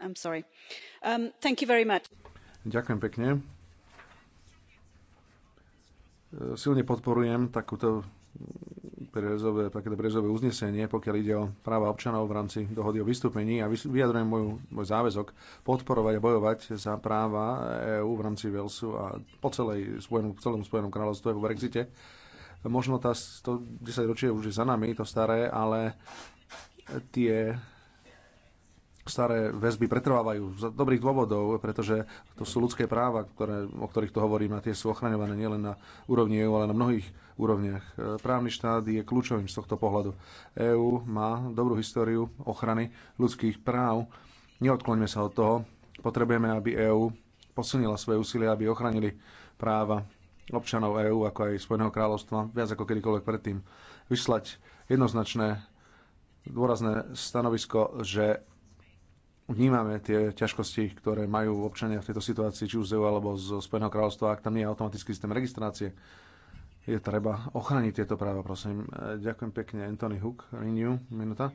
Um, Ďakujem pekne. E, silne podporujem takúto prerezové, takéto prerezové uznesenie, pokiaľ ide o práva občanov v rámci dohody o vystúpení a vyjadrujem môj, môj záväzok podporovať a bojovať za práva EÚ v rámci Walesu a po celej spojenú, celom Spojenom kráľovstve v Brexite. Možno tá, to 10 ročie už je za nami, to staré, ale tie staré väzby pretrvávajú z dobrých dôvodov, pretože to sú ľudské práva, ktoré, o ktorých tu hovorím, a tie sú ochraňované nielen na úrovni EÚ, ale na mnohých úrovniach. E, právny štát je kľúčovým z tohto pohľadu. EÚ má dobrú históriu ochrany ľudských práv. Neodkloňme sa od toho. Potrebujeme, aby EÚ posilnila svoje úsilie, aby ochránili práva občanov EÚ, ako aj Spojeného kráľovstva, viac ako kedykoľvek predtým. Vyslať jednoznačné dôrazné stanovisko, že vnímame tie ťažkosti, ktoré majú občania v tejto situácii, či už z EU alebo z Spojeného kráľovstva, ak tam nie je automatický systém registrácie. Je treba ochraniť tieto práva, prosím. Ďakujem pekne, Anthony Hook, Renew, minúta.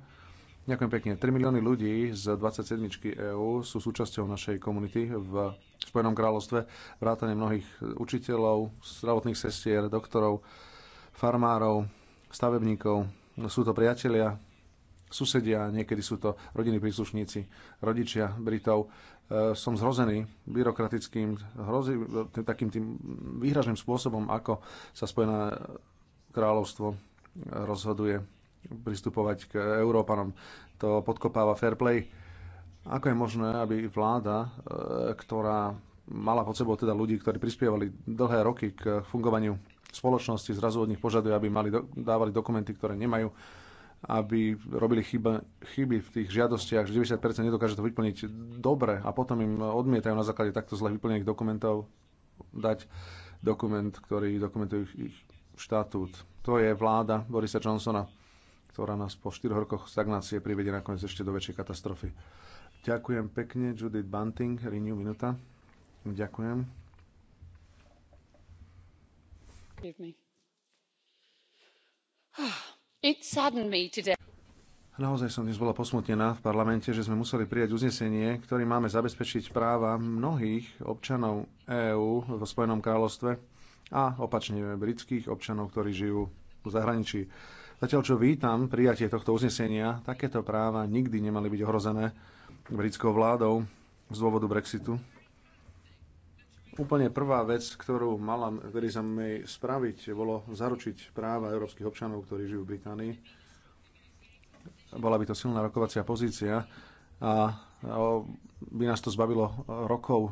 Ďakujem pekne. 3 milióny ľudí z 27 EÚ sú súčasťou našej komunity v Spojenom kráľovstve, vrátane mnohých učiteľov, zdravotných sestier, doktorov, farmárov, stavebníkov. Sú to priatelia, susedia, niekedy sú to rodiny príslušníci, rodičia Britov. E, som zhrozený byrokratickým, hrozi, takým tým výhražným spôsobom, ako sa Spojené kráľovstvo rozhoduje pristupovať k Európanom. To podkopáva fair play. Ako je možné, aby vláda, e, ktorá mala pod sebou teda ľudí, ktorí prispievali dlhé roky k fungovaniu spoločnosti, zrazu od nich požaduje, aby mali, dávali dokumenty, ktoré nemajú, aby robili chyba, chyby v tých žiadostiach, že 90% nedokáže to vyplniť dobre a potom im odmietajú na základe takto zle vyplnených dokumentov dať dokument, ktorý dokumentuje ich štatút. To je vláda Borisa Johnsona, ktorá nás po 4 rokoch stagnácie privedie nakoniec ešte do väčšej katastrofy. Ďakujem pekne, Judith Bunting, Renew Minuta. Ďakujem. Give me. Naozaj som dnes bola posmutnená v parlamente, že sme museli prijať uznesenie, ktorým máme zabezpečiť práva mnohých občanov EÚ vo Spojenom kráľovstve a opačne britských občanov, ktorí žijú v zahraničí. Zatiaľ, čo vítam prijatie tohto uznesenia, takéto práva nikdy nemali byť ohrozené britskou vládou z dôvodu Brexitu. Úplne prvá vec, ktorú mala Theresa May spraviť, bolo zaručiť práva európskych občanov, ktorí žijú v Británii. Bola by to silná rokovacia pozícia a by nás to zbavilo rokov e,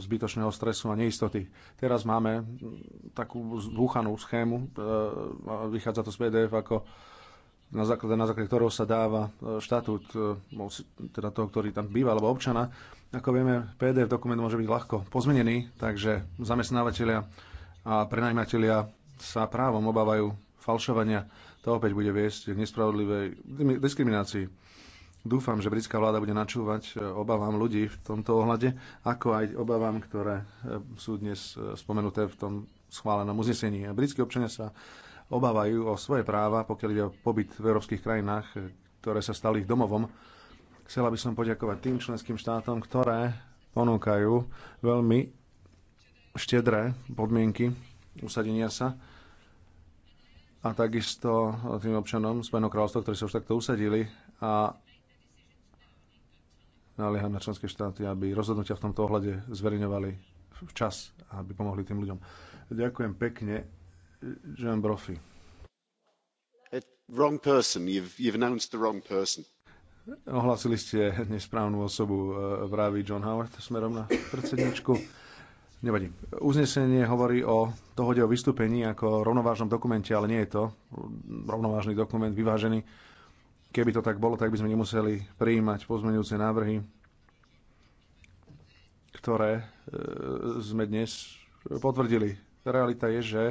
zbytočného stresu a neistoty. Teraz máme takú zbúchanú schému, e, vychádza to z PDF ako na základe, na základe ktorého sa dáva e, štatút, e, teda toho, ktorý tam býva, alebo občana. Ako vieme, PDF dokument môže byť ľahko pozmenený, takže zamestnávateľia a prenajímatelia sa právom obávajú falšovania. To opäť bude viesť k nespravodlivej diskriminácii. Dúfam, že britská vláda bude načúvať e, obavám ľudí v tomto ohľade, ako aj obavám, ktoré sú dnes spomenuté v tom schválenom uznesení. britskí občania sa obávajú o svoje práva, pokiaľ ide o pobyt v európskych krajinách, ktoré sa stali ich domovom. Chcela by som poďakovať tým členským štátom, ktoré ponúkajú veľmi štedré podmienky usadenia sa a takisto tým občanom z kráľovstva, ktorí sa už takto usadili a nalieham na členské štáty, aby rozhodnutia v tomto ohľade zverejňovali včas, aby pomohli tým ľuďom. Ďakujem pekne. Jean Brophy. Eh, wrong person. You've, you've announced the wrong person. Ohlasili ste nesprávnu osobu, eh, vraví John Howard smerom na predsedničku. Nevadí. Uznesenie hovorí o dohode o vystúpení ako rovnovážnom dokumente, ale nie je to rovnovážny dokument, vyvážený. Keby to tak bolo, tak by sme nemuseli prijímať pozmeňujúce návrhy, ktoré eh, sme dnes potvrdili. Realita je, že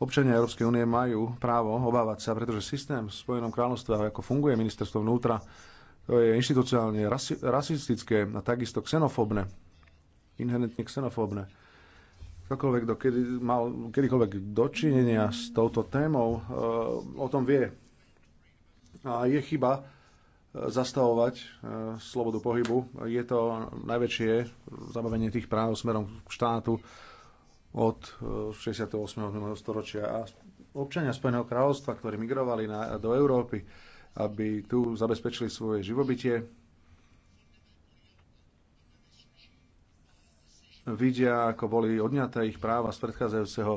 Občania Európskej únie majú právo obávať sa, pretože systém v Spojenom kráľovstve, ako funguje ministerstvo vnútra, to je inštitucionálne rasi- rasistické a takisto xenofóbne. Inherentne xenofóbne. Kedykoľvek do kedy, mal kedykoľvek dočinenia s touto témou, eh, o tom vie. A je chyba eh, zastavovať eh, slobodu pohybu. Je to najväčšie zabavenie tých práv smerom k štátu, od 68. E, minulého storočia. A občania Spojeného kráľovstva, ktorí migrovali na, do Európy, aby tu zabezpečili svoje živobytie, vidia, ako boli odňaté ich práva z predchádzajúceho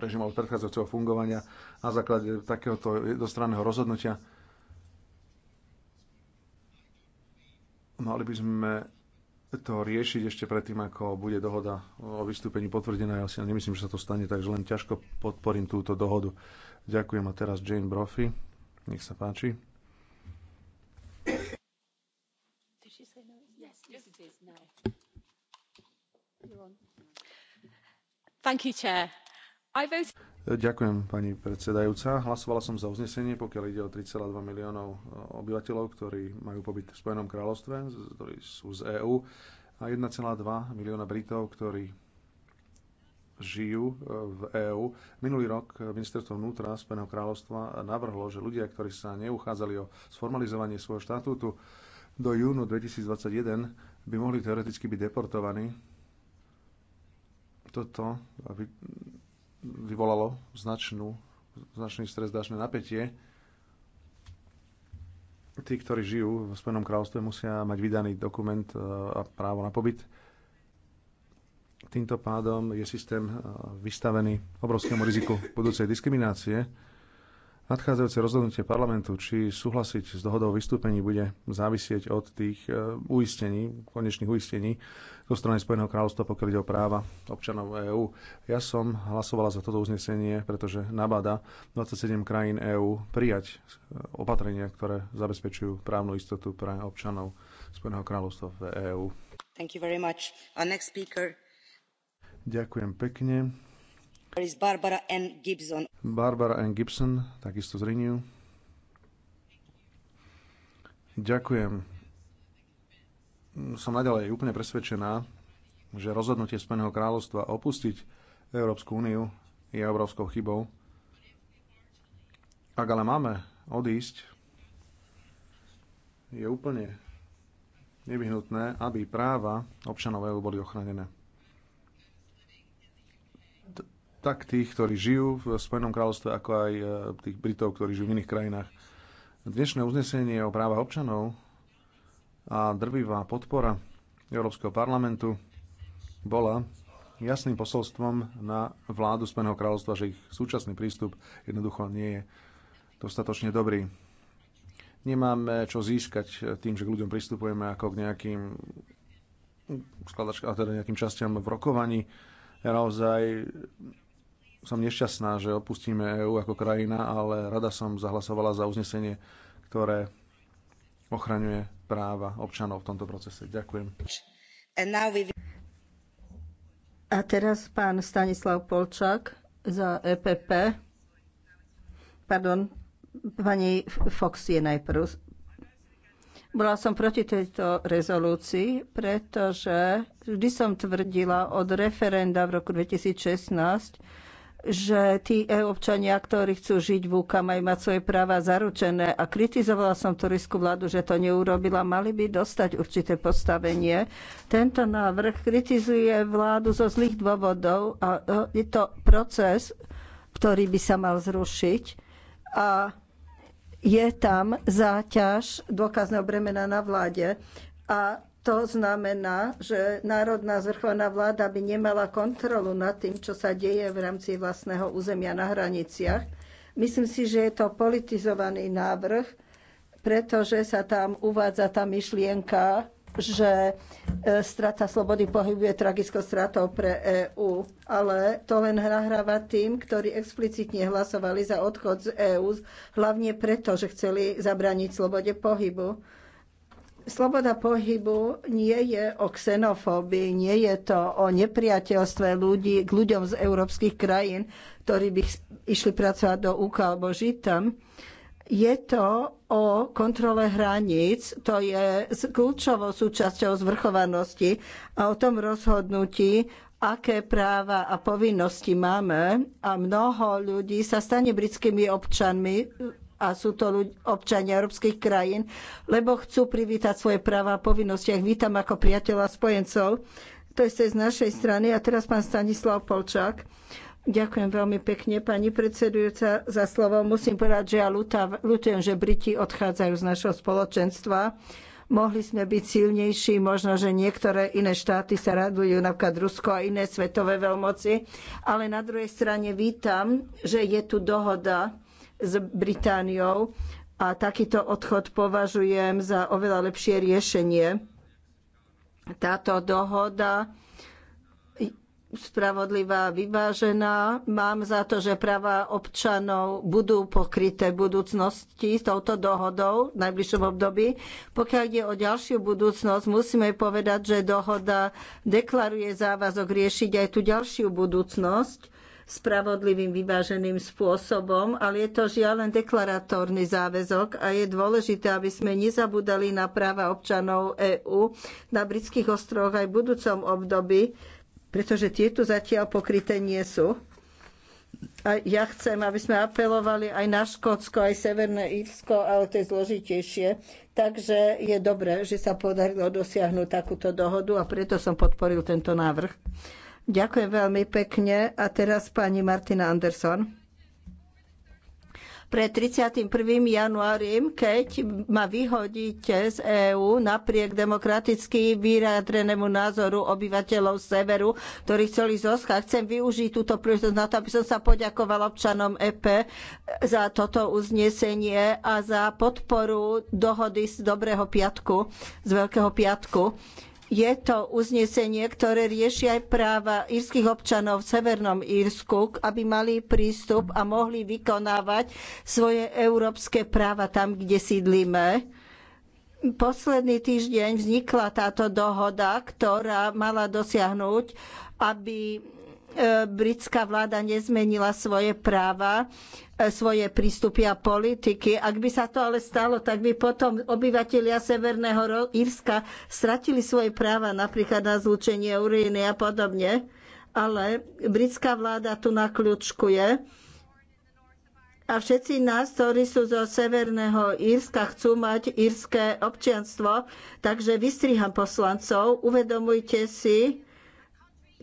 režimu, z predchádzajúceho fungovania na základe takéhoto jednostranného rozhodnutia. Mali by sme to riešiť ešte predtým, ako bude dohoda o vystúpení potvrdená. Ja si nemyslím, že sa to stane, takže len ťažko podporím túto dohodu. Ďakujem a teraz Jane Brophy. Nech sa páči. No? No. Thank you, Chair. Ďakujem, pani predsedajúca. Hlasovala som za uznesenie, pokiaľ ide o 3,2 miliónov eh, obyvateľov, ktorí majú pobyt v Spojenom kráľovstve, ktorí sú z EÚ, a 1,2 milióna Britov, ktorí žijú eh, v EÚ. Minulý rok eh, ministerstvo vnútra Spojeného kráľovstva navrhlo, že ľudia, ktorí sa neuchádzali o sformalizovanie svojho štatútu do júnu 2021, by mohli teoreticky byť deportovaní. Toto vyvolalo značnú, značný stres, značné napätie. Tí, ktorí žijú v Spojenom kráľovstve, musia mať vydaný dokument e, a právo na pobyt. Týmto pádom je systém e, vystavený obrovskému riziku budúcej diskriminácie Nadchádzajúce rozhodnutie parlamentu, či súhlasiť s dohodou o vystúpení, bude závisieť od tých e, uistení, konečných uistení zo strany Spojeného kráľovstva, pokiaľ ide o práva občanov EÚ. Ja som hlasovala za toto uznesenie, pretože nabada 27 krajín EÚ prijať e, opatrenia, ktoré zabezpečujú právnu istotu pre občanov Spojeného kráľovstva v EÚ. Ďakujem pekne. Barbara N. Gibson. Barbara N. Gibson, takisto z Renew. Ďakujem. Som naďalej úplne presvedčená, že rozhodnutie Spojeného kráľovstva opustiť Európsku úniu je obrovskou chybou. Ak ale máme odísť, je úplne nevyhnutné, aby práva občanov EU boli ochránené. tak tých, ktorí žijú v Spojenom kráľovstve, ako aj e, tých Britov, ktorí žijú v iných krajinách. Dnešné uznesenie o práva občanov a drvivá podpora Európskeho parlamentu bola jasným posolstvom na vládu Spojeného kráľovstva, že ich súčasný prístup jednoducho nie je dostatočne dobrý. Nemáme čo získať tým, že k ľuďom pristupujeme ako k nejakým skladačkám, teda nejakým častiam v rokovaní. Naozaj som nešťastná, že opustíme EÚ ako krajina, ale rada som zahlasovala za uznesenie, ktoré ochraňuje práva občanov v tomto procese. Ďakujem. A teraz pán Stanislav Polčák za EPP. Pardon, pani Fox je najprv. Bola som proti tejto rezolúcii, pretože vždy som tvrdila od referenda v roku 2016, že tí občania, ktorí chcú žiť v UK, majú mať svoje práva zaručené a kritizovala som turísku vládu, že to neurobila, mali by dostať určité postavenie. Tento návrh kritizuje vládu zo zlých dôvodov a e, je to proces, ktorý by sa mal zrušiť a je tam záťaž dôkazného bremena na vláde a to znamená, že národná zvrchovaná vláda by nemala kontrolu nad tým, čo sa deje v rámci vlastného územia na hraniciach. Myslím si, že je to politizovaný návrh, pretože sa tam uvádza tá myšlienka, že e, strata slobody pohybu je tragickou stratou pre EÚ, ale to len nahráva tým, ktorí explicitne hlasovali za odchod z EÚ, hlavne preto, že chceli zabraniť slobode pohybu. Sloboda pohybu nie je o xenofóbii, nie je to o nepriateľstve ľudí k ľuďom z európskych krajín, ktorí by išli pracovať do UK alebo žiť tam. Je to o kontrole hraníc, to je kľúčovou súčasťou zvrchovanosti a o tom rozhodnutí, aké práva a povinnosti máme a mnoho ľudí sa stane britskými občanmi a sú to ľudia, občania európskych krajín, lebo chcú privítať svoje práva a povinnosti. Ja ich vítam ako priateľa spojencov. To je z našej strany. A teraz pán Stanislav Polčák. Ďakujem veľmi pekne, pani predsedujúca, za slovo. Musím povedať, že ja ľutujem, že Briti odchádzajú z našho spoločenstva. Mohli sme byť silnejší, možno, že niektoré iné štáty sa radujú, napríklad Rusko a iné svetové veľmoci. Ale na druhej strane vítam, že je tu dohoda s Britániou a takýto odchod považujem za oveľa lepšie riešenie. Táto dohoda spravodlivá, vyvážená. Mám za to, že práva občanov budú pokryté v budúcnosti s touto dohodou v najbližšom období. Pokiaľ ide o ďalšiu budúcnosť, musíme povedať, že dohoda deklaruje závazok riešiť aj tú ďalšiu budúcnosť spravodlivým, vyváženým spôsobom, ale je to žiaľ len deklaratórny záväzok a je dôležité, aby sme nezabudali na práva občanov EÚ na britských ostrovoch aj v budúcom období, pretože tieto zatiaľ pokryté nie sú. A ja chcem, aby sme apelovali aj na Škótsko, aj Severné Írsko, ale to je zložitejšie. Takže je dobré, že sa podarilo dosiahnuť takúto dohodu a preto som podporil tento návrh. Ďakujem veľmi pekne. A teraz pani Martina Anderson. Pred 31. januárim, keď ma vyhodíte z EÚ napriek demokraticky vyjadrenému názoru obyvateľov severu, ktorí chceli zoska, chcem využiť túto príležitosť na to, aby som sa poďakovala občanom EP za toto uznesenie a za podporu dohody z Dobrého piatku, z Veľkého piatku je to uznesenie, ktoré rieši aj práva írskych občanov v Severnom Írsku, aby mali prístup a mohli vykonávať svoje európske práva tam, kde sídlíme. Posledný týždeň vznikla táto dohoda, ktorá mala dosiahnuť, aby britská vláda nezmenila svoje práva, e, svoje prístupy a politiky. Ak by sa to ale stalo, tak by potom obyvatelia Severného Írska stratili svoje práva napríklad na zlúčenie uríny a podobne. Ale britská vláda tu nakľúčkuje. A všetci nás, ktorí sú zo Severného Írska, chcú mať írske občianstvo. Takže vystriham poslancov, uvedomujte si,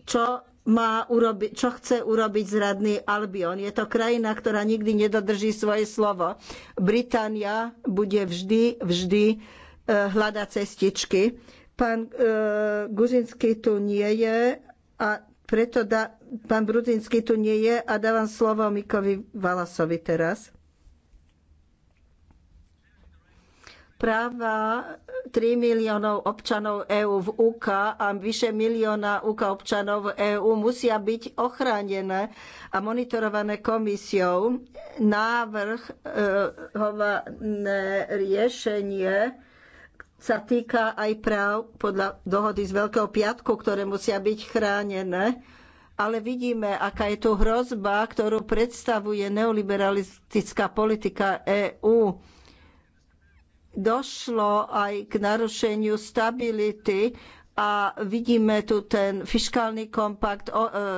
čo má urobi- čo chce urobiť zradný Albion. Je to krajina, ktorá nikdy nedodrží svoje slovo. Británia bude vždy, vždy e, hľadať cestičky. Pán e, Guzinský tu nie je a preto da, pán Brudzinský tu nie je a dávam slovo Mikovi Valasovi teraz. Práva 3 miliónov občanov EÚ v UK a vyše milióna UK občanov v EÚ musia byť ochránené a monitorované komisiou. Návrh e, hované riešenie sa týka aj práv podľa dohody z Veľkého piatku, ktoré musia byť chránené ale vidíme, aká je tu hrozba, ktorú predstavuje neoliberalistická politika EÚ došlo aj k narušeniu stability a vidíme tu ten fiškálny kompakt, e,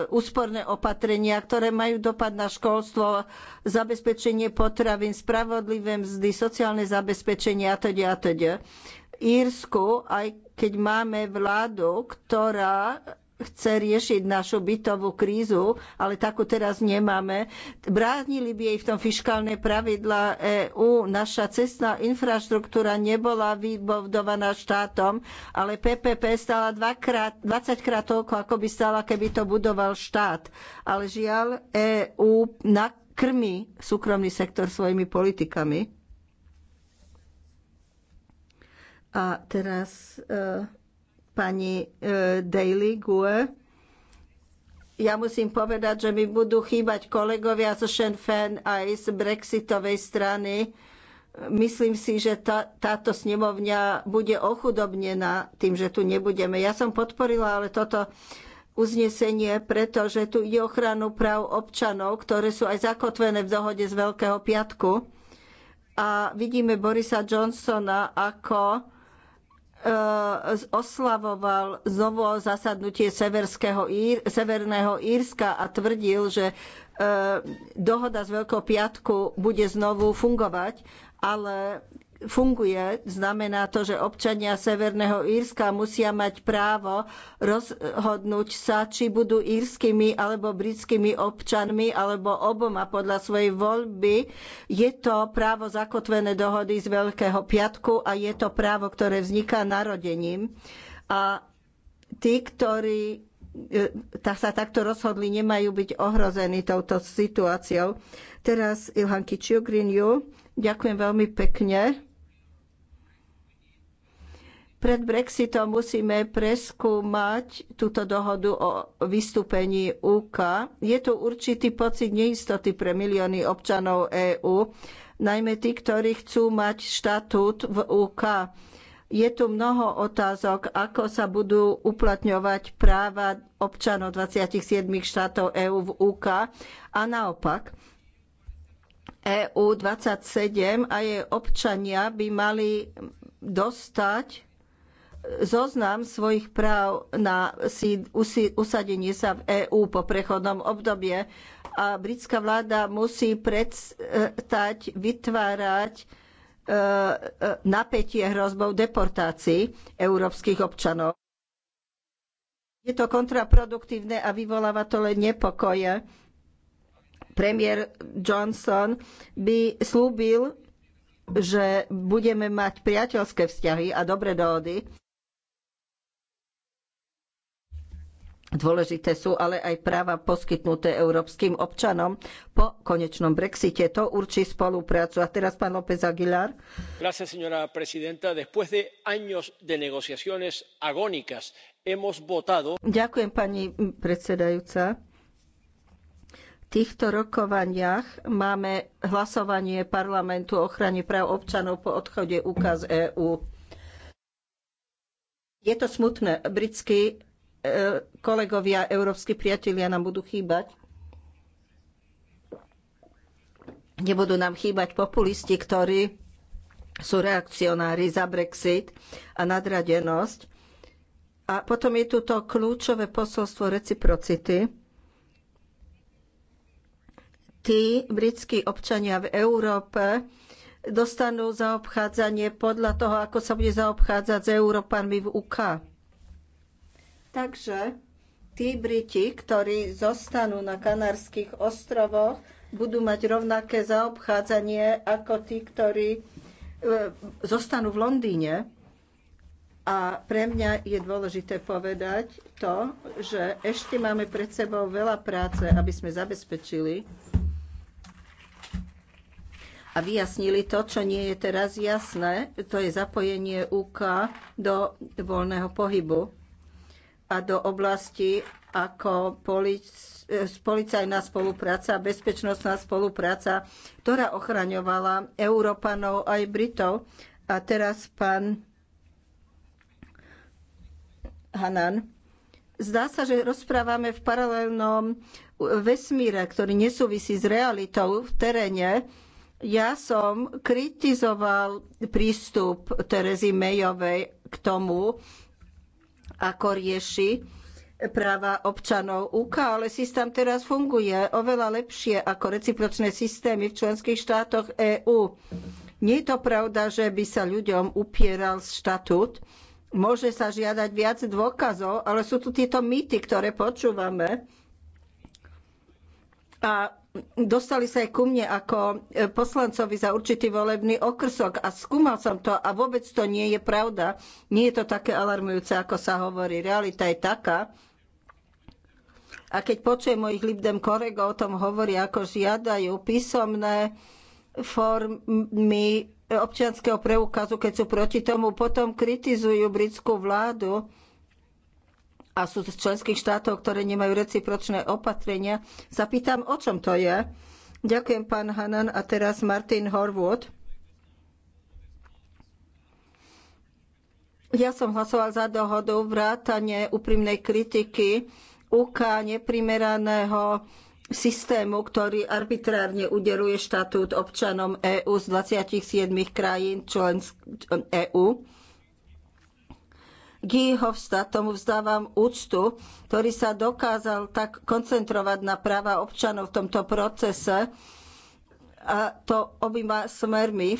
úsporné opatrenia, ktoré majú dopad na školstvo, zabezpečenie potravín, spravodlivé mzdy, sociálne zabezpečenie a atď. Teda, a teda. Írsku, aj keď máme vládu, ktorá chce riešiť našu bytovú krízu, ale takú teraz nemáme. Bránili by jej v tom fiskálne pravidla EÚ. Naša cestná infraštruktúra nebola vybudovaná štátom, ale PPP stala 20 krát toľko, ako by stala, keby to budoval štát. Ale žiaľ, EÚ nakrmi súkromný sektor svojimi politikami. A teraz... E pani e, Daily Gue. Ja musím povedať, že mi budú chýbať kolegovia zo Sinn Féin aj z brexitovej strany. Myslím si, že tá, táto snemovňa bude ochudobnená tým, že tu nebudeme. Ja som podporila ale toto uznesenie, pretože tu ide ochranu práv občanov, ktoré sú aj zakotvené v dohode z Veľkého piatku. A vidíme Borisa Johnsona ako oslavoval znovu zasadnutie Ír, Severného Írska a tvrdil, že e, dohoda z Veľkou piatku bude znovu fungovať, ale funguje. Znamená to, že občania Severného Írska musia mať právo rozhodnúť sa, či budú írskymi alebo britskými občanmi alebo oboma podľa svojej voľby. Je to právo zakotvené dohody z Veľkého piatku a je to právo, ktoré vzniká narodením. A tí, ktorí e, sa takto rozhodli, nemajú byť ohrození touto situáciou. Teraz Ilhan Kičiu, Green Ďakujem veľmi pekne. Pred Brexitom musíme preskúmať túto dohodu o vystúpení UK. Je tu určitý pocit neistoty pre milióny občanov EÚ, najmä tí, ktorí chcú mať štatút v UK. Je tu mnoho otázok, ako sa budú uplatňovať práva občanov 27 štátov EÚ v UK a naopak. EÚ 27 a jej občania by mali dostať zoznam svojich práv na usadenie sa v EÚ po prechodnom obdobie a britská vláda musí prestať vytvárať e, e, napätie hrozbou deportácií európskych občanov. Je to kontraproduktívne a vyvoláva to len nepokoje. Premiér Johnson by slúbil, že budeme mať priateľské vzťahy a dobré dohody Dôležité sú ale aj práva poskytnuté európskym občanom. Po konečnom Brexite to určí spoluprácu. A teraz pán López Aguilar. Gracias, señora presidenta. Después de años de negociaciones agónicas, hemos votado... Ďakujem, pani predsedajúca. V týchto rokovaniach máme hlasovanie parlamentu o ochrane práv občanov po odchode z EÚ. Je to smutné. Britský E, kolegovia, európsky priatelia nám budú chýbať. Nebudú nám chýbať populisti, ktorí sú reakcionári za Brexit a nadradenosť. A potom je tu to kľúčové posolstvo reciprocity. Tí britskí občania v Európe dostanú zaobchádzanie podľa toho, ako sa bude zaobchádzať s Európanmi v UK. Takže tí Briti, ktorí zostanú na Kanárskych ostrovoch, budú mať rovnaké zaobchádzanie ako tí, ktorí e, zostanú v Londýne. A pre mňa je dôležité povedať to, že ešte máme pred sebou veľa práce, aby sme zabezpečili a vyjasnili to, čo nie je teraz jasné, to je zapojenie UK do voľného pohybu a do oblasti ako eh, policajná spolupráca, bezpečnostná spolupráca, ktorá ochraňovala Európanov aj Britov. A teraz pán Hanan. Zdá sa, že rozprávame v paralelnom vesmíre, ktorý nesúvisí s realitou v teréne. Ja som kritizoval prístup Terezy Mejovej k tomu, ako rieši práva občanov UK, ale systém teraz funguje oveľa lepšie ako recipročné systémy v členských štátoch EÚ. Nie je to pravda, že by sa ľuďom upieral štatút. Môže sa žiadať viac dôkazov, ale sú tu tieto mýty, ktoré počúvame. A dostali sa aj ku mne ako e, poslancovi za určitý volebný okrsok a skúmal som to a vôbec to nie je pravda. Nie je to také alarmujúce, ako sa hovorí. Realita je taká. A keď počujem mojich libdem koregov o tom hovoria, ako žiadajú písomné formy občianskeho preukazu, keď sú proti tomu, potom kritizujú britskú vládu a sú z členských štátov, ktoré nemajú recipročné opatrenia, sa pýtam, o čom to je. Ďakujem, pán Hanan. A teraz Martin Horwood. Ja som hlasoval za dohodu vrátanie úprimnej kritiky UK neprimeraného systému, ktorý arbitrárne udeluje štatút občanom EÚ z 27 krajín členských EÚ Gihofsta, tomu vzdávam úctu, ktorý sa dokázal tak koncentrovať na práva občanov v tomto procese a to obýma smermi.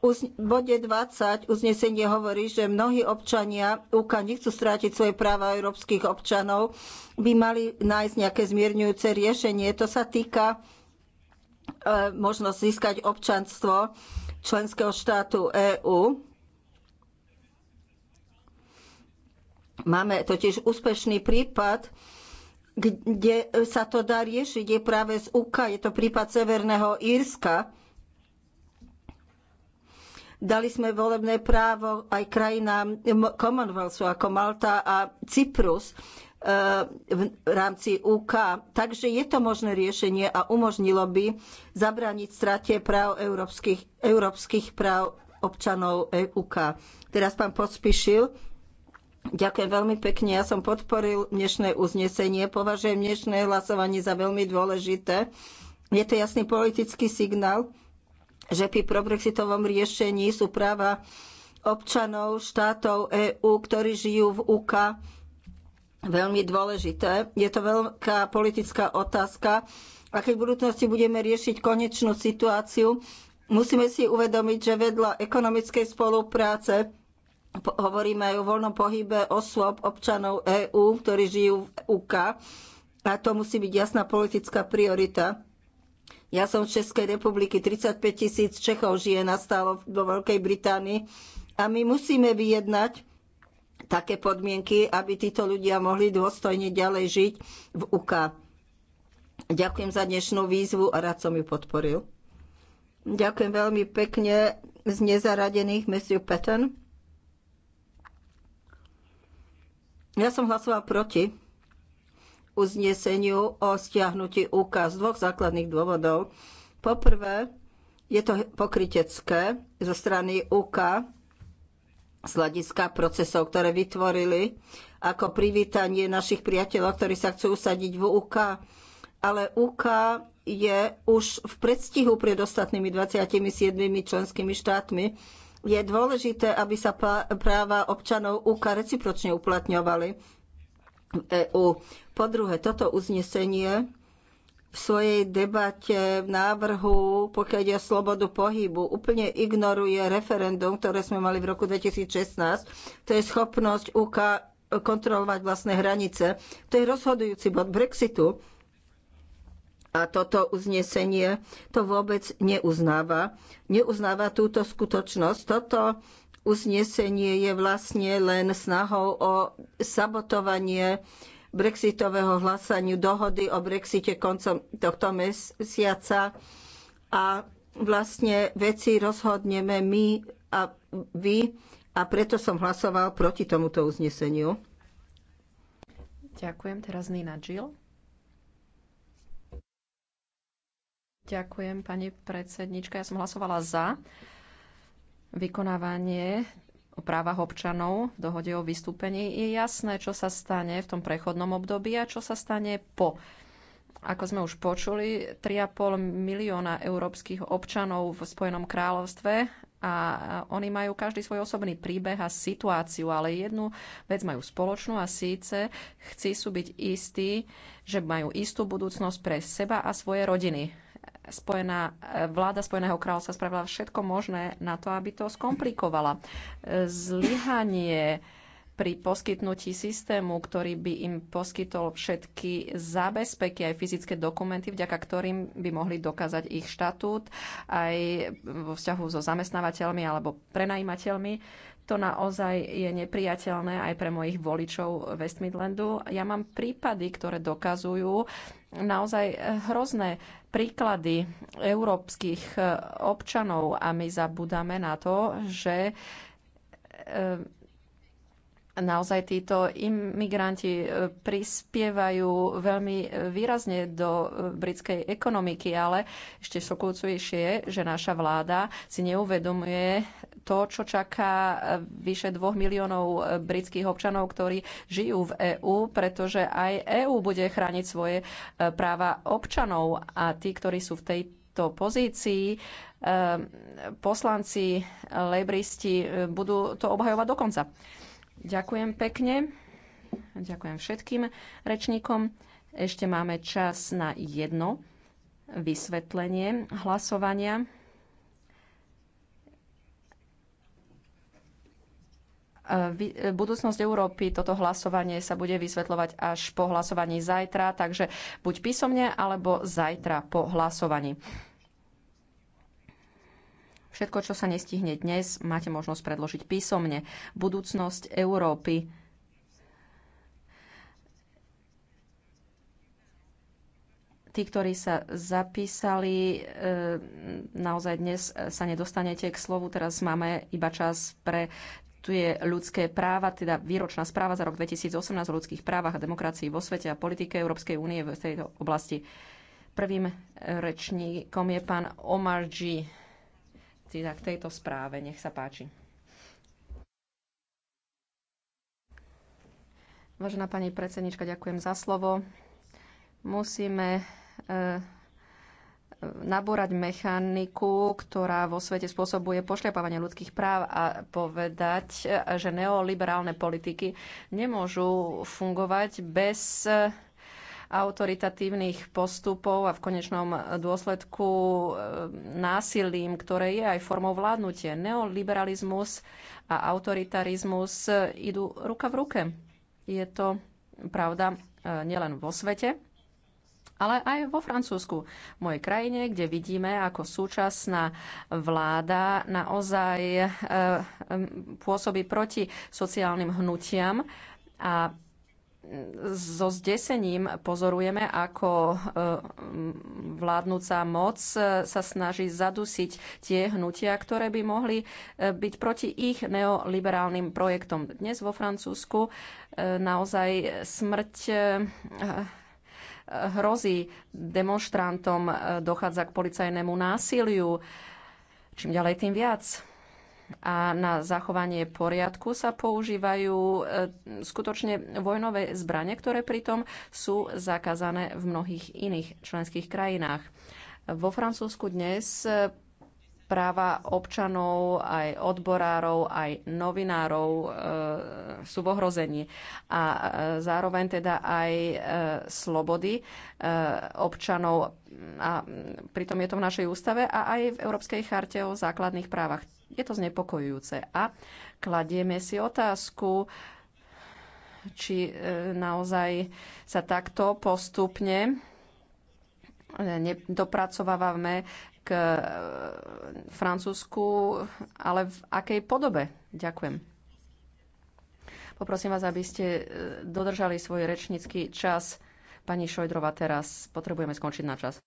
V bode 20 uznesenie hovorí, že mnohí občania UK nechcú strátiť svoje práva európskych občanov, by mali nájsť nejaké zmierňujúce riešenie. To sa týka e, možnosť získať občanstvo členského štátu EÚ Máme totiž úspešný prípad, kde sa to dá riešiť, je práve z UK, je to prípad Severného Írska. Dali sme volebné právo aj krajinám Commonwealthu ako Malta a Cyprus e, v rámci UK. Takže je to možné riešenie a umožnilo by zabrániť strate práv európskych, európskych práv občanov e UK. Teraz pán pospíšil. Ďakujem veľmi pekne. Ja som podporil dnešné uznesenie. Považujem dnešné hlasovanie za veľmi dôležité. Je to jasný politický signál, že pri probrexitovom riešení sú práva občanov štátov EÚ, ktorí žijú v UK, veľmi dôležité. Je to veľká politická otázka. A keď v budúcnosti budeme riešiť konečnú situáciu, musíme si uvedomiť, že vedľa ekonomickej spolupráce hovoríme aj o voľnom pohybe osôb, občanov EÚ, ktorí žijú v UK. A to musí byť jasná politická priorita. Ja som z Českej republiky, 35 tisíc Čechov žije nastálo vo Veľkej Británii a my musíme vyjednať také podmienky, aby títo ľudia mohli dôstojne ďalej žiť v UK. Ďakujem za dnešnú výzvu a rád som ju podporil. Ďakujem veľmi pekne z nezaradených, Matthew Patton. Ja som hlasoval proti uzneseniu o stiahnutí úkaz z dvoch základných dôvodov. Poprvé, je to pokrytecké zo strany UK z hľadiska procesov, ktoré vytvorili ako privítanie našich priateľov, ktorí sa chcú usadiť v UK. Ale UK je už v predstihu pred ostatnými 27 členskými štátmi, je dôležité, aby sa práva občanov UK recipročne uplatňovali v EÚ. Po druhé, toto uznesenie v svojej debate, v návrhu, pokiaľ ide o slobodu pohybu, úplne ignoruje referendum, ktoré sme mali v roku 2016. To je schopnosť UK kontrolovať vlastné hranice. To je rozhodujúci bod Brexitu. A toto uznesenie to vôbec neuznáva. Neuznáva túto skutočnosť. Toto uznesenie je vlastne len snahou o sabotovanie brexitového hlasaniu dohody o brexite koncom tohto mesiaca a vlastne veci rozhodneme my a vy a preto som hlasoval proti tomuto uzneseniu. Ďakujem. Teraz Nina Jill. Ďakujem, pani predsednička. Ja som hlasovala za vykonávanie o právach občanov v dohode o vystúpení. Je jasné, čo sa stane v tom prechodnom období a čo sa stane po. Ako sme už počuli, 3,5 milióna európskych občanov v Spojenom kráľovstve a oni majú každý svoj osobný príbeh a situáciu, ale jednu vec majú spoločnú a síce chci sú byť istí, že majú istú budúcnosť pre seba a svoje rodiny Spojená, vláda Spojeného kráľovstva spravila všetko možné na to, aby to skomplikovala. Zlyhanie pri poskytnutí systému, ktorý by im poskytol všetky zábezpeky, aj fyzické dokumenty, vďaka ktorým by mohli dokázať ich štatút, aj vo vzťahu so zamestnávateľmi alebo prenajímateľmi. To naozaj je nepriateľné aj pre mojich voličov West Midlandu. Ja mám prípady, ktoré dokazujú naozaj hrozné príklady európskych eh, občanov a my zabudáme na to, že eh, naozaj títo imigranti e, prispievajú veľmi e, výrazne do e, britskej ekonomiky, ale ešte šokujúcejšie je, že naša vláda si neuvedomuje to, čo čaká vyše dvoch miliónov britských občanov, ktorí žijú v EÚ, pretože aj EÚ bude chrániť svoje práva občanov a tí, ktorí sú v tej tejto pozícii poslanci, lebristi budú to obhajovať dokonca. Ďakujem pekne. Ďakujem všetkým rečníkom. Ešte máme čas na jedno vysvetlenie hlasovania. E, e, budúcnosť Európy, toto hlasovanie sa bude vysvetľovať až po hlasovaní zajtra, takže buď písomne alebo zajtra po hlasovaní. Všetko, čo sa nestihne dnes, máte možnosť predložiť písomne. Budúcnosť Európy tí, ktorí sa zapísali, eh, naozaj dnes sa nedostanete k slovu. Teraz máme iba čas pre tu je ľudské práva, teda výročná správa za rok 2018 o ľudských právach a demokracii vo svete a politike Európskej únie v tejto oblasti. Prvým rečníkom je pán Omar G teda k tejto správe. Nech sa páči. Vážená pani predsednička, ďakujem za slovo. Musíme e, e nabúrať mechaniku, ktorá vo svete spôsobuje pošľapávanie ľudských práv a povedať, e, že neoliberálne politiky nemôžu fungovať bez e, autoritatívnych postupov a v konečnom dôsledku e, násilím, ktoré je aj formou vládnutie. Neoliberalizmus a autoritarizmus e, idú ruka v ruke. Je to pravda e, nielen vo svete, ale aj vo Francúzsku, mojej krajine, kde vidíme, ako súčasná vláda naozaj pôsobí proti sociálnym hnutiam a so zdesením pozorujeme, ako e, vládnúca moc e, sa snaží zadusiť tie hnutia, ktoré by mohli e, byť proti ich neoliberálnym projektom. Dnes vo Francúzsku naozaj smrť hrozí demonstrantom, dochádza k policajnému násiliu. Čím ďalej, tým viac a na zachovanie poriadku sa používajú e, skutočne vojnové zbranie, ktoré pritom sú zakázané v mnohých iných členských krajinách. Vo Francúzsku dnes e, práva občanov, aj odborárov, aj novinárov e, sú v ohrození. A e, zároveň teda aj e, slobody e, občanov. A pritom je to v našej ústave a aj v Európskej charte o základných právach. Je to znepokojujúce a kladieme si otázku, či e, naozaj sa takto postupne e, dopracovávame k e, Francúzsku, ale v akej podobe? Ďakujem. Poprosím vás, aby ste dodržali svoj rečnícky čas. Pani Šojdrova, teraz potrebujeme skončiť na čas.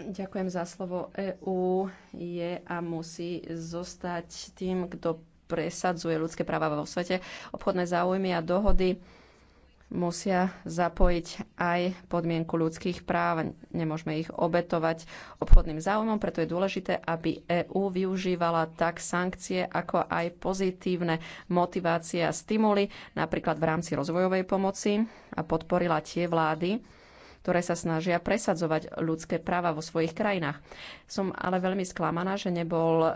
Ďakujem za slovo. EÚ je a musí zostať tým, kto presadzuje ľudské práva vo svete. Obchodné záujmy a dohody musia zapojiť aj podmienku ľudských práv. Nemôžeme ich obetovať obchodným záujmom, preto je dôležité, aby EÚ využívala tak sankcie, ako aj pozitívne motivácie a stimuly, napríklad v rámci rozvojovej pomoci a podporila tie vlády, ktoré sa snažia presadzovať ľudské práva vo svojich krajinách. Som ale veľmi sklamaná, že nebol e,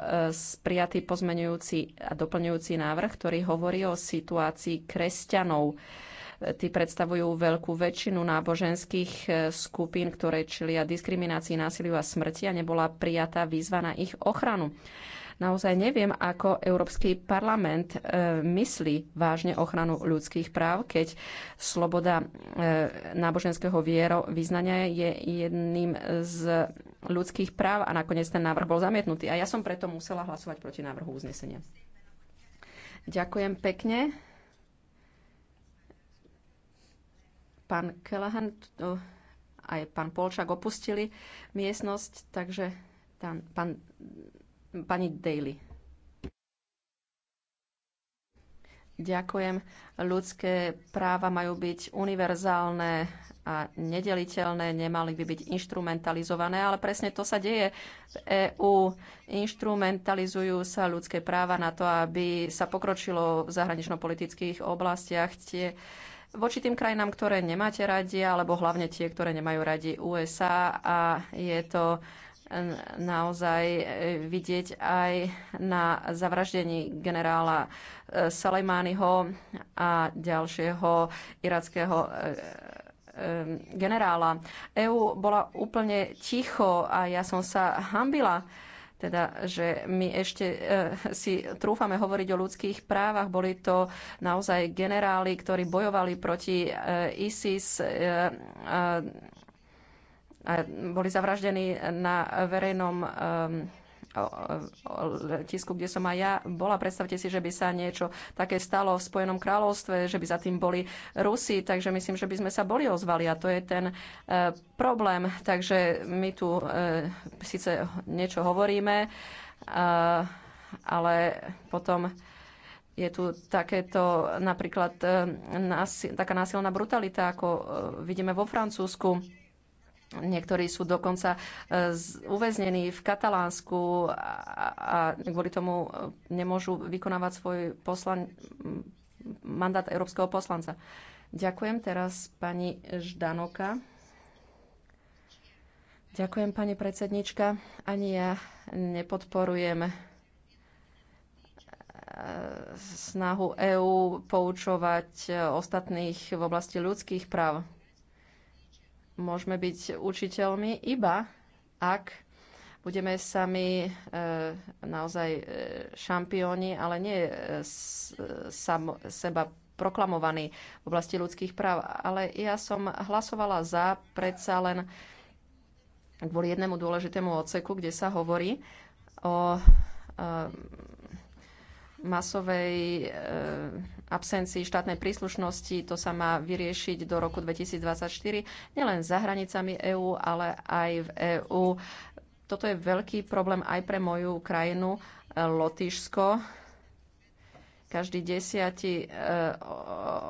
prijatý pozmenujúci a doplňujúci návrh, ktorý hovorí o situácii kresťanov e, tí predstavujú veľkú väčšinu náboženských e, skupín, ktoré čelia diskriminácii, násiliu a smrti a nebola prijatá výzva na ich ochranu. Naozaj neviem, ako Európsky parlament e, myslí vážne ochranu ľudských práv, keď sloboda e, náboženského viero vyznania je jedným z ľudských práv a nakoniec ten návrh bol zamietnutý. A ja som preto musela hlasovať proti návrhu uznesenia. Ďakujem pekne. Pán Kelahan, aj pán Polčák opustili miestnosť, takže tam, pán Pani Daly. Ďakujem. Ľudské práva majú byť univerzálne a nedeliteľné, nemali by byť inštrumentalizované, ale presne to sa deje v EÚ. Instrumentalizujú sa ľudské práva na to, aby sa pokročilo v zahranično-politických oblastiach. Tie, voči tým krajinám, ktoré nemáte radi, alebo hlavne tie, ktoré nemajú radi USA a je to naozaj e, vidieť aj na zavraždení generála e, Salejmányho a ďalšieho irackého e, generála. EÚ bola úplne ticho a ja som sa hambila teda, že my ešte e, si trúfame hovoriť o ľudských právach. Boli to naozaj generáli, ktorí bojovali proti e, ISIS. E, e, boli zavraždení na verejnom ehm, letisku, kde som aj ja bola. Predstavte si, že by sa niečo také stalo v Spojenom kráľovstve, že by za tým boli Rusi, takže myslím, že by sme sa boli ozvali a to je ten e, problém. Takže my tu e, síce niečo hovoríme, e, ale potom je tu takéto napríklad násil, taká násilná brutalita, ako vidíme vo Francúzsku Niektorí sú dokonca e, uväznení v Katalánsku a kvôli tomu e, nemôžu vykonávať svoj poslan- mandát európskeho poslanca. Ďakujem teraz pani Ždanoka. Ďakujem pani predsednička. Ani ja nepodporujem e, snahu EÚ poučovať ostatných v oblasti ľudských práv môžeme byť učiteľmi iba, ak budeme sami e, naozaj e, šampióni, ale nie e, sam, seba proklamovaní v oblasti ľudských práv. Ale ja som hlasovala za predsa len kvôli jednému dôležitému odseku, kde sa hovorí o e, masovej e, absencii štátnej príslušnosti. To sa má vyriešiť do roku 2024 nielen za hranicami EÚ, ale aj v EÚ. Toto je veľký problém aj pre moju krajinu e, Lotyšsko. Každý desiatý e,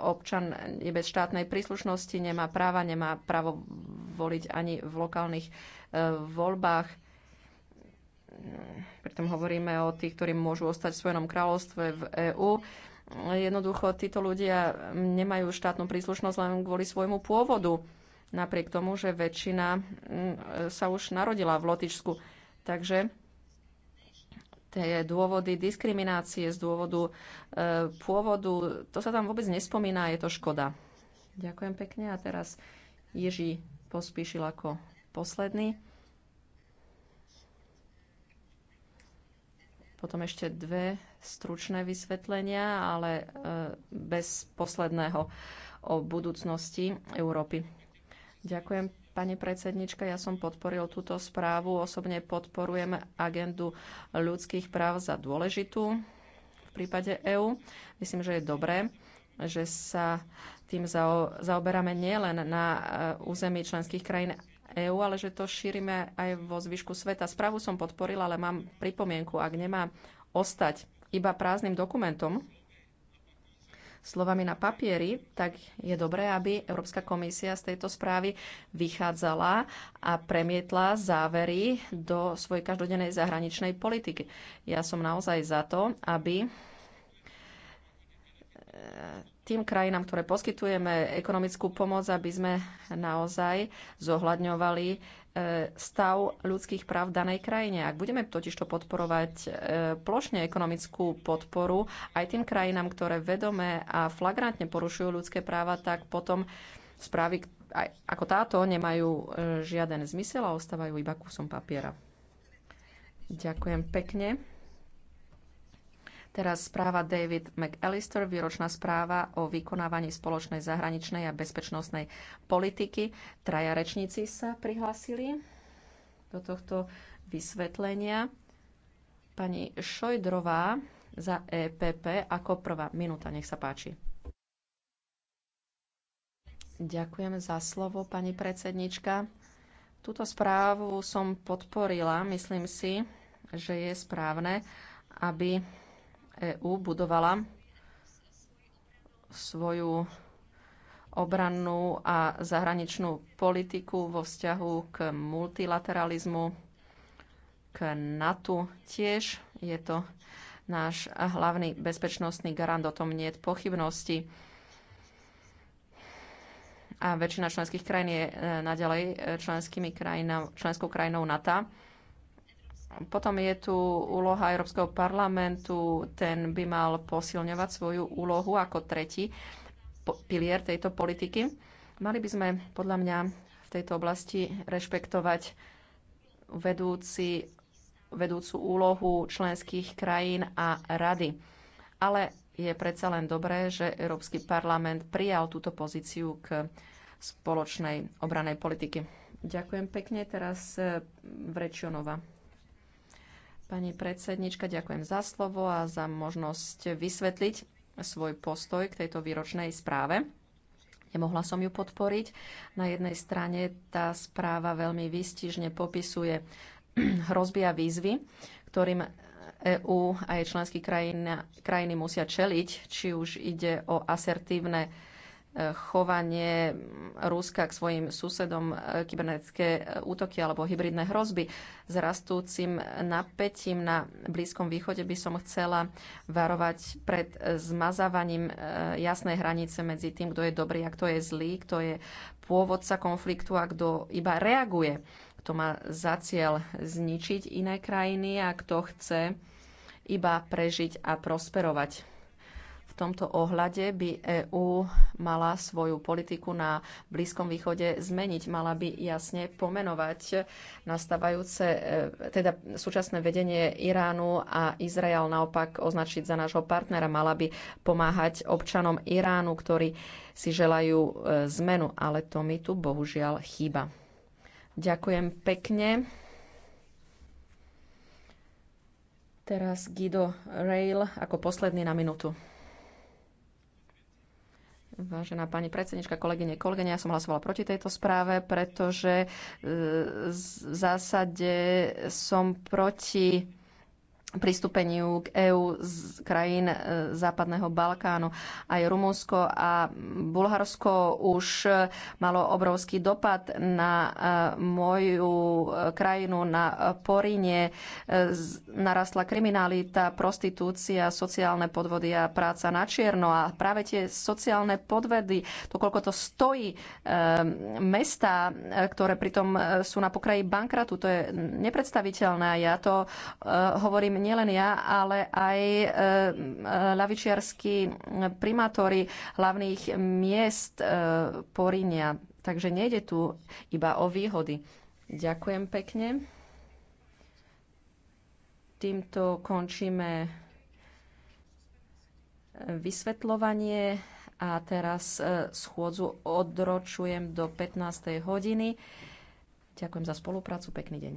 občan je bez štátnej príslušnosti, nemá práva, nemá právo voliť ani v lokálnych voľbách pritom hovoríme o tých, ktorí môžu ostať v svojom kráľovstve v EÚ. Jednoducho títo ľudia nemajú štátnu príslušnosť len kvôli svojmu pôvodu, napriek tomu, že väčšina sa už narodila v Lotičsku. Takže tie dôvody diskriminácie z dôvodu e, pôvodu, to sa tam vôbec nespomína, je to škoda. Ďakujem pekne a teraz Ježi pospíšil ako posledný. Potom ešte dve stručné vysvetlenia, ale e, bez posledného o budúcnosti Európy. Ďakujem, pani predsednička. Ja som podporil túto správu. Osobne podporujem agendu ľudských práv za dôležitú v prípade EÚ. Myslím, že je dobré, že sa tým zaoberáme nielen na e, území členských krajín, EÚ, ale že to šírime aj vo zvyšku sveta. Správu som podporila, ale mám pripomienku, ak nemá ostať iba prázdnym dokumentom, slovami na papieri, tak je dobré, aby Európska komisia z tejto správy vychádzala a premietla závery do svojej každodennej zahraničnej politiky. Ja som naozaj za to, aby tým krajinám, ktoré poskytujeme ekonomickú pomoc, aby sme naozaj zohľadňovali e, stav ľudských práv v danej krajine. Ak budeme totiž to podporovať e, plošne ekonomickú podporu aj tým krajinám, ktoré vedome a flagrantne porušujú ľudské práva, tak potom správy ako táto nemajú e, žiaden zmysel a ostávajú iba kusom papiera. Ďakujem pekne. Teraz správa David McAllister, výročná správa o vykonávaní spoločnej zahraničnej a bezpečnostnej politiky. Traja rečníci sa prihlásili do tohto vysvetlenia. Pani Šojdrová za EPP ako prvá minúta, nech sa páči. Ďakujem za slovo, pani predsednička. Túto správu som podporila. Myslím si, že je správne, aby EÚ budovala svoju obrannú a zahraničnú politiku vo vzťahu k multilateralizmu, k NATO tiež. Je to náš hlavný bezpečnostný garant, o tom nie je pochybnosti. A väčšina členských krajín je e, naďalej e, členskými krajinou, členskou krajinou NATO potom je tu úloha Európskeho parlamentu, ten by mal posilňovať svoju úlohu ako tretí pilier tejto politiky. Mali by sme podľa mňa v tejto oblasti rešpektovať vedúci, vedúcu úlohu členských krajín a rady. Ale je predsa len dobré, že Európsky parlament prijal túto pozíciu k spoločnej obranej politiky. Ďakujem pekne. Teraz eh, Vrečionova. Pani predsednička, ďakujem za slovo a za možnosť vysvetliť svoj postoj k tejto výročnej správe. Nemohla som ju podporiť. Na jednej strane tá správa veľmi výstižne popisuje hrozby a výzvy, ktorým EÚ a jej členské krajiny, krajiny musia čeliť, či už ide o asertívne chovanie Ruska k svojim susedom, e, kybernetické e, útoky alebo hybridné hrozby. S rastúcim napätím na Blízkom východe by som chcela varovať pred zmazávaním e, jasnej hranice medzi tým, kto je dobrý a kto je zlý, kto je pôvodca konfliktu a kto iba reaguje, kto má za cieľ zničiť iné krajiny a kto chce iba prežiť a prosperovať. V tomto ohľade by EÚ mala svoju politiku na Blízkom východe zmeniť. Mala by jasne pomenovať nastávajúce, e, teda súčasné vedenie Iránu a Izrael naopak označiť za nášho partnera. Mala by pomáhať občanom Iránu, ktorí si želajú e, zmenu, ale to mi tu bohužiaľ chýba. Ďakujem pekne. Teraz Guido Rail ako posledný na minútu. Vážená pani predsednička, kolegyne, kolegyne, ja som hlasovala proti tejto správe, pretože e, v zásade som proti pristúpeniu k EÚ z krajín e, Západného Balkánu. Aj Rumunsko a Bulharsko už e, malo obrovský dopad na e, moju krajinu, na Porine. Narastla kriminalita, prostitúcia, sociálne podvody a práca na čierno. A práve tie sociálne podvedy, to koľko to stojí mesta, ktoré pritom sú na pokraji bankratu, to je nepredstaviteľné. Ja to hovorím nielen ja, ale aj eh, eh, lavičiarskí eh, primátori hlavných miest Porinia. Takže nejde tu iba o výhody. Ďakujem pekne. Týmto končíme vysvetľovanie a teraz schôdzu odročujem do 15. hodiny. Ďakujem za spoluprácu, pekný deň.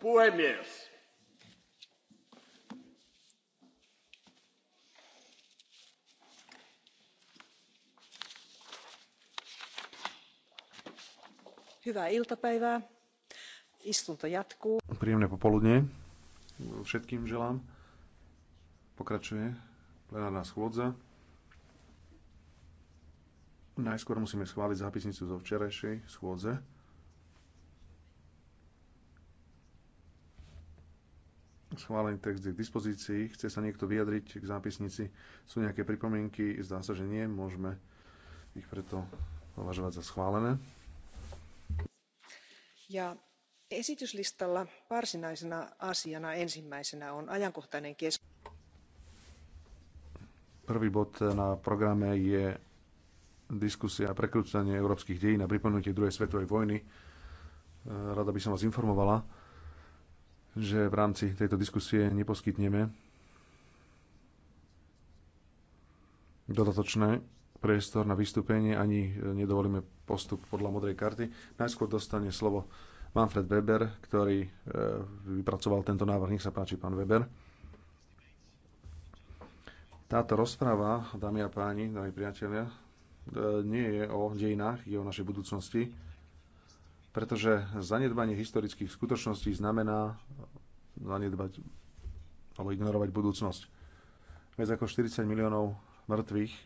puhemies hyvää iltapäivää istunto jatkuu príjemné popoludne všetkým želám pokračuje plenárna schôdza najskôr musíme schváliť zápisnicu zo včerajšej schôdze schválený text je k dispozícii. Chce sa niekto vyjadriť k zápisnici? Sú nejaké pripomienky? Zdá sa, že nie. Môžeme ich preto považovať za schválené. Ja esityslistalla varsinaisena asiana ensimmäisenä on ajankohtainen Prvý bod na programe je diskusia a prekrúcanie európskych dejín a pripomenutie druhej svetovej vojny. Rada by som vás informovala, že v rámci tejto diskusie neposkytneme dodatočné priestor na vystúpenie ani nedovolíme postup podľa modrej karty. Najskôr dostane slovo Manfred Weber, ktorý e, vypracoval tento návrh. Nech sa páči, pán Weber. Táto rozpráva, dámy a páni, dámy priatelia, e, nie je o dejinách, je o našej budúcnosti pretože zanedbanie historických skutočností znamená zanedbať alebo ignorovať budúcnosť. Viac ako 40 miliónov mŕtvych e,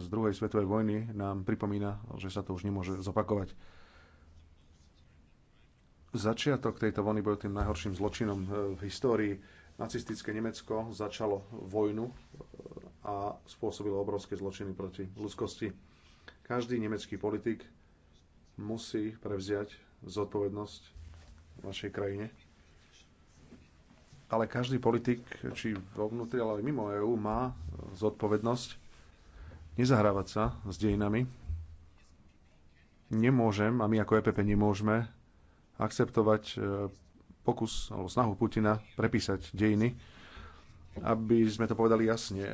z druhej svetovej vojny nám pripomína, že sa to už nemôže zopakovať. Začiatok tejto vojny bol tým najhorším zločinom e, v histórii. Nacistické Nemecko začalo vojnu e, a spôsobilo obrovské zločiny proti ľudskosti. Každý nemecký politik musí prevziať zodpovednosť v našej krajine. Ale každý politik, či vo vnútri, ale aj mimo EÚ, má zodpovednosť nezahrávať sa s dejinami. Nemôžem, a my ako EPP nemôžeme, akceptovať e, pokus alebo snahu Putina prepísať dejiny, aby sme to povedali jasne. E,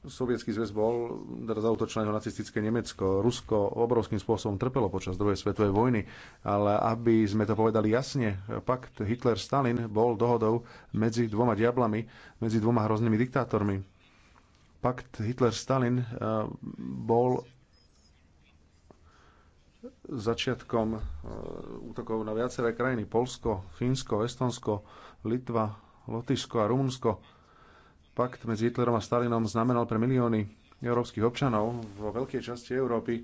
Sovietský zväz bol teraz zautočené nacistické Nemecko, Rusko obrovským spôsobom trpelo počas druhej svetovej vojny, ale aby sme to povedali jasne, pakt Hitler-Stalin bol dohodou medzi dvoma diablami, medzi dvoma hroznými diktátormi. Pakt Hitler-Stalin eh, bol začiatkom eh, útokov na viaceré krajiny, Polsko, Fínsko, Estonsko, Litva, Lotyšsko a Rumunsko Pakt medzi Hitlerom a Stalinom znamenal pre milióny európskych občanov vo veľkej časti Európy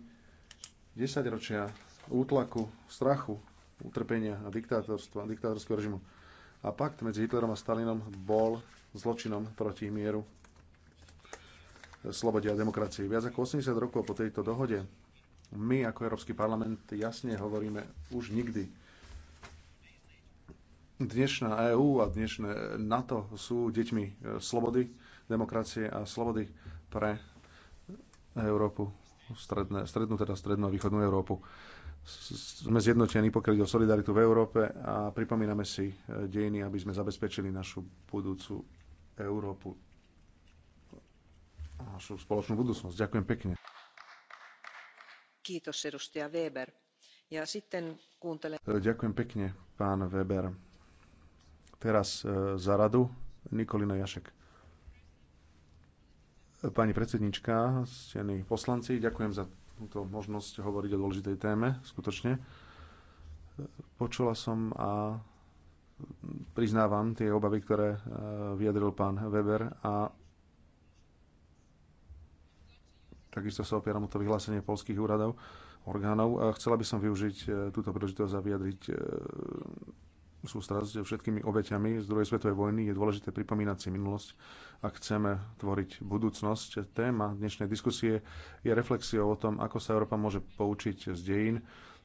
10 ročia útlaku, strachu, utrpenia a diktátorstva, diktátorského režimu. A pakt medzi Hitlerom a Stalinom bol zločinom proti mieru, slobode a demokracii. Viac ako 80 rokov po tejto dohode my ako Európsky parlament jasne hovoríme už nikdy Dnešná EÚ a dnešné NATO sú deťmi e, slobody, demokracie a slobody pre Európu, stredné, strednú, teda strednú a východnú Európu. Sme zjednotení, pokiaľ ide o solidaritu v Európe a pripomíname si e, dejiny, aby sme zabezpečili našu budúcu Európu, našu spoločnú budúcnosť. Ďakujem pekne. Kiitos, Weber. Ja sitten kuuntelen... E, ďakujem pekne, pán Weber. Teraz e, za radu Nikolina Jašek. Pani predsednička, stení poslanci, ďakujem za túto možnosť hovoriť o dôležitej téme, skutočne. Počula som a priznávam tie obavy, ktoré e, vyjadril pán Weber a takisto sa opieram o to vyhlásenie polských úradov, orgánov. E, chcela by som využiť túto príležitosť a vyjadriť sústrasť so všetkými obeťami z druhej svetovej vojny, je dôležité pripomínať si minulosť, a chceme tvoriť budúcnosť. Téma dnešnej diskusie je reflexiou o tom, ako sa Európa môže poučiť z dejín